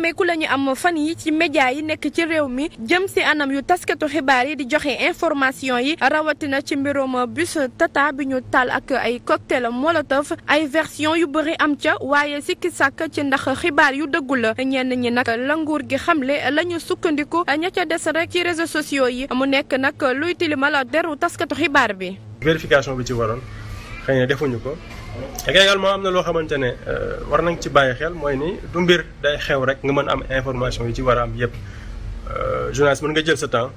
nemmeeku la ñu am fan yi ci média yi nekk ci réew mi jëm si anam yu taskatu xibaar yi di joxe information yi rawatina ci mbirum bus tata bi ñu taal ak ay cocktail molotov ay version yu bëri am ca waaye sikki sàkk ci ndax xibaar yu dëggu la ñenn ñi nag la nguur gi xamle la ñu sukkandiku ña ca des rek ci réseaux sociaux yi mu nekk nag luy tilimal deru taskatu xibaar bi vérification bi ci waroon xëy na defuñu ko ak également am na loo xamante ne euh, war nañ ci bàyyi xel mooy ni du mbir day xew rek nga mën am information yi ci war a am yëpp euh, journaliste mën nga jël sa temps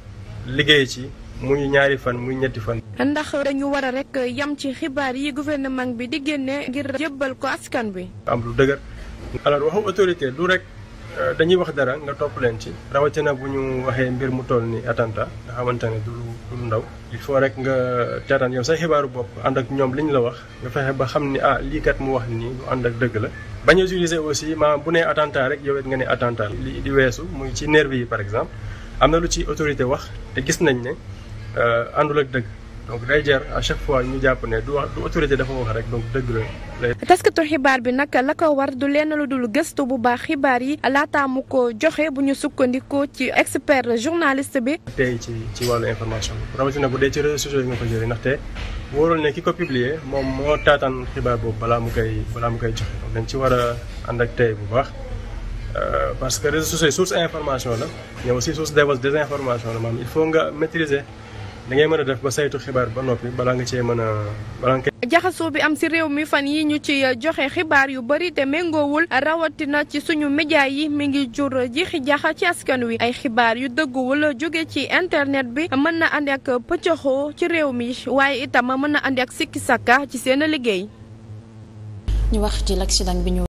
liggéey ci muy ñaari fan muy ñetti fan. ndax dañu war a rek yam ci xibaar yi gouvernement bi di génne ngir jébbal ko askan bi. am lu dëgër alors waxu autorité du rek. Euh, dañuy wax dara nga topp leen ci rawatina bu ñu waxee mbir mu toll ni attentat nga xamante ne du du ndaw il faut rek nga teetaan yow sax xibaaru bopp ànd ak ñoom li ñu la wax nga fexe ba xam ni ah lii kat mu wax nii lu ànd ak dëgg la bañ a utiliser aussi maanaam bu ne attentat rek yow nga ne attentat li di weesu muy ci nervi yi par exemple am na lu ci autorité wax te gis nañ ne euh, àndul ak dëgg donc day à chaque fois ñu jàpp ne du wax du autorité dafa wax rek donc dëgg la. taskatu xibaar bi nag la ko war du lenn lu dul gëstu bu baax xibaar yi laata mu ko joxe bu ñu sukkandikoo ci expert journaliste bi. tey ci ci wàllu information bi rawatina bu dee ci réseaux sociaux yi nga ko jëlee ndaxte wóorul ne ki ko publier moom moo taataan xibaar boobu balaa mu koy balaa mu koy joxe donc dañ ci war a ànd ak tey bu baax. Euh, parce que réseaux sociaux source information la mais aussi source de désinformation la maanaam nga maîtriser. li ngay mën a def ba saytu xibaar ba noppi balaa nga cee mën jaxasoo bi am ci réew mi fan yi ñu ci joxe xibaar yu bari te méngoowul rawatina ci suñu média yi mi ngi jur jiixi jaxa ci askan wi ay xibaar yu wala jóge ci internet bi mën na ànd ak pëccëxoo ci réew mi waaye itam mën na ànd ak sikki sàkka ci seen liggéey ñu